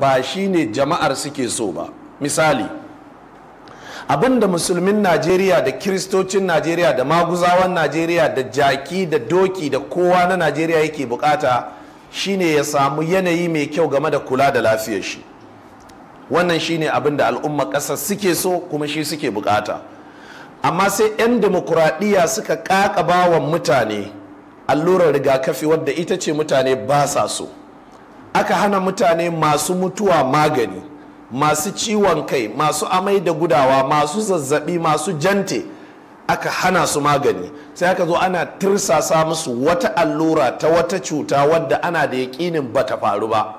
ba shi ne jama'ar suke so ba misali abinda musulmin najeriya da kiristocin najeriya da maguzawan najeriya da jaki da doki da kowa na najeriya yake bukata shine ya samu yanayi mai kyau game da kula da lafiyar shi wannan shine abin da al'umma ƙasa suke so kuma shi suke bukata amma sai 'yan demokuraɗiyya suka ƙaƙa bawan mutane allurar rigakafi wadda ita ce mutane ba sa so aka hana mutane masu mutuwa magani masu ciwon kai masu amai da gudawa masu zazzabi masu jante aka hana su magani sai aka zo ana tirsasa musu wata allura ta wata cuta wadda ana da yaƙinin bata faru ba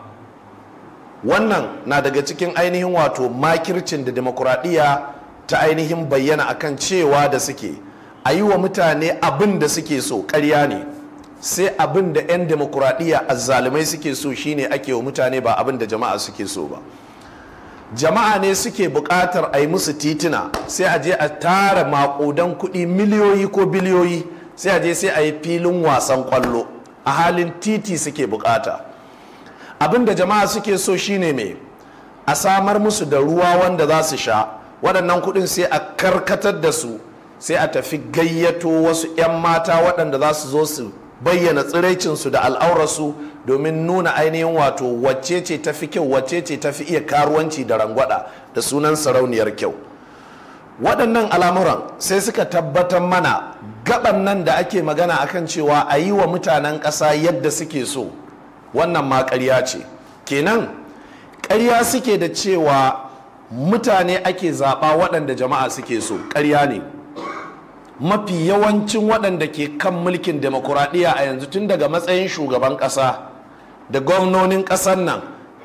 wannan na daga cikin ainihin wato makircin da demokuraɗiyya ta ainihin bayyana akan cewa da suke a yi wa mutane abin da suke so ƙarya ne sai abin da 'yan demokuraɗiyya azzalumai suke so shine ake wa mutane ba abin da jama'a suke so ba jama'a ne suke buƙatar a yi musu titina sai a je a tara maƙudan kuɗi miliyoyi ko biliyoyi sai a je sai a yi filin wasan kwallo a halin titi suke buƙata abin da jama'a suke so shine mai a samar musu da ruwa wanda za su sha waɗannan kuɗin sai a karkatar da su sai a tafi gayyato wasu 'yan mata waɗanda za su zo su bayyana tsiraicinsu da al'aurarsu domin nuna ainihin wato wacce ce ta fi kyau wacce ce ta fi iya karuwanci da rangwada da sunan sarauniyar kyau waɗannan al'amuran sai suka tabbatar mana gaban nan da ake magana akan cewa a yi wa mutanen ƙasa yadda suke so wannan ma ƙarya ce kenan ƙarya suke da cewa mutane ake zaɓa waɗanda jama'a suke so ƙarya ne mafi yawancin waɗanda ke kan mulkin demokuraɗiyya a yanzu tun daga matsayin shugaban ƙasa da gwamnonin ƙasar nan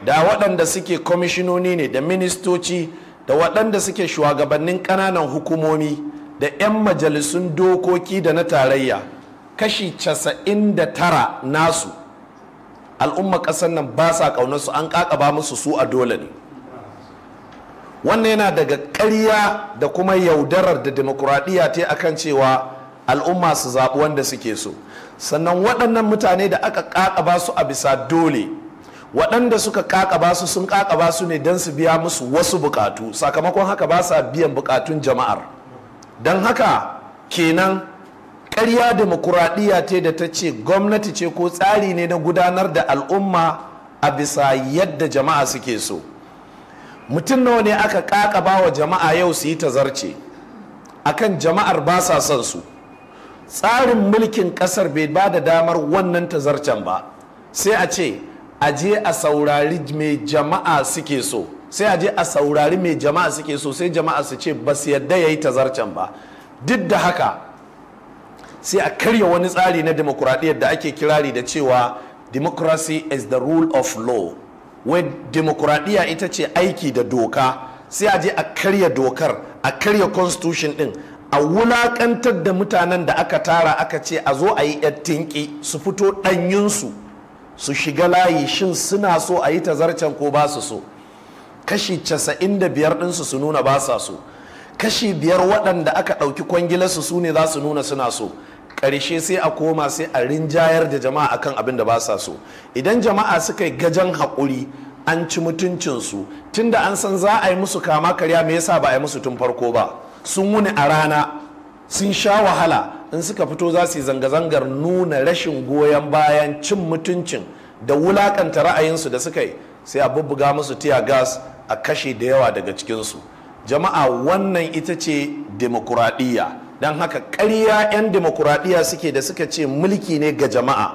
da waɗanda suke kwamishinoni ne da ministoci da waɗanda suke shugabannin ƙananan hukumomi da 'yan majalisun dokoki da na tarayya kashi 99 nasu al'umma ƙasar nan ba sa ƙaunarsu an ƙaƙaba musu su a dole ne wannan yana daga ƙarya da kuma yaudarar da demokuraɗiyya ta akan cewa al'umma su zaɓi wanda suke so sannan waɗannan mutane da aka ƙaƙaba su a bisa dole waɗanda suka ƙaƙaba su sun ƙaƙaba su ne don su biya musu wasu buƙatu sakamakon haka ba sa biyan buƙatun jama'ar don haka kenan ƙarya demokuraɗiyya ce da ta ce gwamnati ce ko tsari ne na gudanar da al'umma a bisa yadda jama'a suke so. mutum nawa ne aka kakaba wa jama'a yau su yi tazarce akan jama'ar ba sa son su tsarin mulkin ƙasar bai ba da damar wannan tazarcen ba sai a ce a je a saurari mai jama'a suke so sai a je a saurari mai jama'a suke so sai jama'a su ce ba su yadda ya yi tazarcen ba duk da haka sai a karya wani tsari na demokuraɗiyyar da ake kirari da cewa democracy is the rule of law wai demokuraɗiyya ita ce aiki da doka sai a je a karya dokar a karya constitution ɗin. a wulaƙantar da mutanen da aka tara aka ce a zo a yi tinki su fito ɗanyinsu su shiga layi shin suna so a yi tazarcen ko ba su so kashi 95 ɗinsu su nuna ba sa so kashi biyar waɗanda aka ɗauki kwangilarsu su ne za su nuna suna so karshe sai a koma sai a rinjayar da jama'a akan abin da ba sa so idan jama'a suka yi gajan haƙuri an ci mutuncinsu tunda an san za a yi musu kama karya me yasa ba a yi musu tun farko ba sun wuni a rana sun sha wahala in suka fito za su yi zanga-zangar nuna rashin goyon bayan cin mutuncin da wulakanta ra'ayinsu da suka yi sai a bubbuga musu tiya gas a kashe da yawa daga cikinsu jama'a wannan ita ce demokuraɗiyya don haka ƙarya 'yan demokuraɗiyya suke da suka ce mulki ne ga jama'a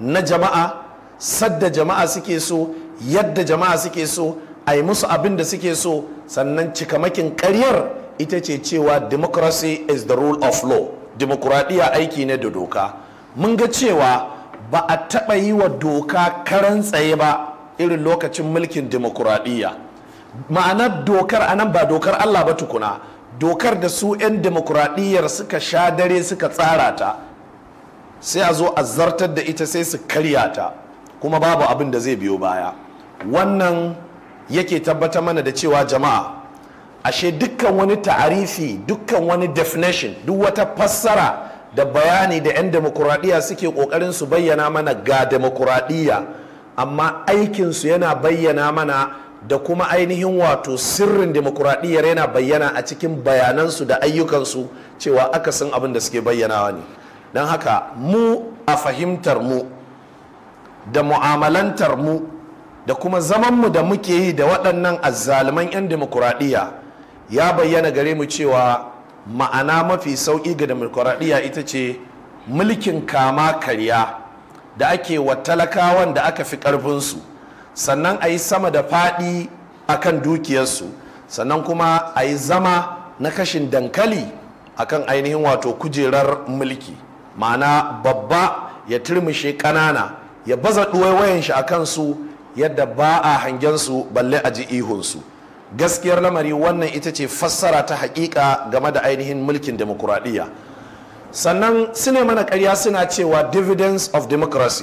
na jama'a sadda jama'a suke so yadda jama'a suke so a yi musu abin da suke so sannan cikamakin ƙaryar ita ce cewa democracy is the rule of law demokuraɗiyya aiki ne da doka mun ga cewa ba a taɓa yi wa doka karan tsaye ba irin lokacin mulkin demokuraɗiyya ma'anar dokar a nan ba dokar allah ba tukuna dokar da su 'yan demokuraɗiyyar suka sha dare suka tsara ta sai a zo a zartar da ita sai su karya ta kuma babu abin da zai biyo baya wannan yake tabbata mana da cewa jama'a ashe dukkan wani ta'arifi dukkan wani definition duk wata fassara da bayani da 'yan demokuraɗiyya suke ƙoƙarin su bayyana mana ga demokuraɗiyya amma aikinsu yana bayyana mana da kuma ainihin wato sirrin demokuraɗiyyar yana bayyana a cikin bayanansu da ayyukansu cewa aka san abin da suke bayyanawa ne don haka mu a fahimtar mu da mu'amalantar mu da kuma zaman mu da muke yi da waɗannan azzaluman 'yan demokuraɗiyya ya bayyana gare mu cewa ma'ana mafi sauƙi ga demokuraɗiyya ita ce mulkin kama karya da ake wa talakawan da aka fi ƙarfinsu sannan a yi sama da faɗi a kan dukiyarsu sannan kuma a yi zama na kashin dankali a kan ainihin wato kujerar mulki ma'ana babba ya turmushe ƙanana ya baza ɗuwaiwayen shi a kansu yadda ba a hangensu balle a ji ihunsu gaskiyar lamari wannan ita ce fassara ta haƙiƙa game da ainihin mulkin demokuraɗiyya sannan su mana karya suna cewa dividends of democracy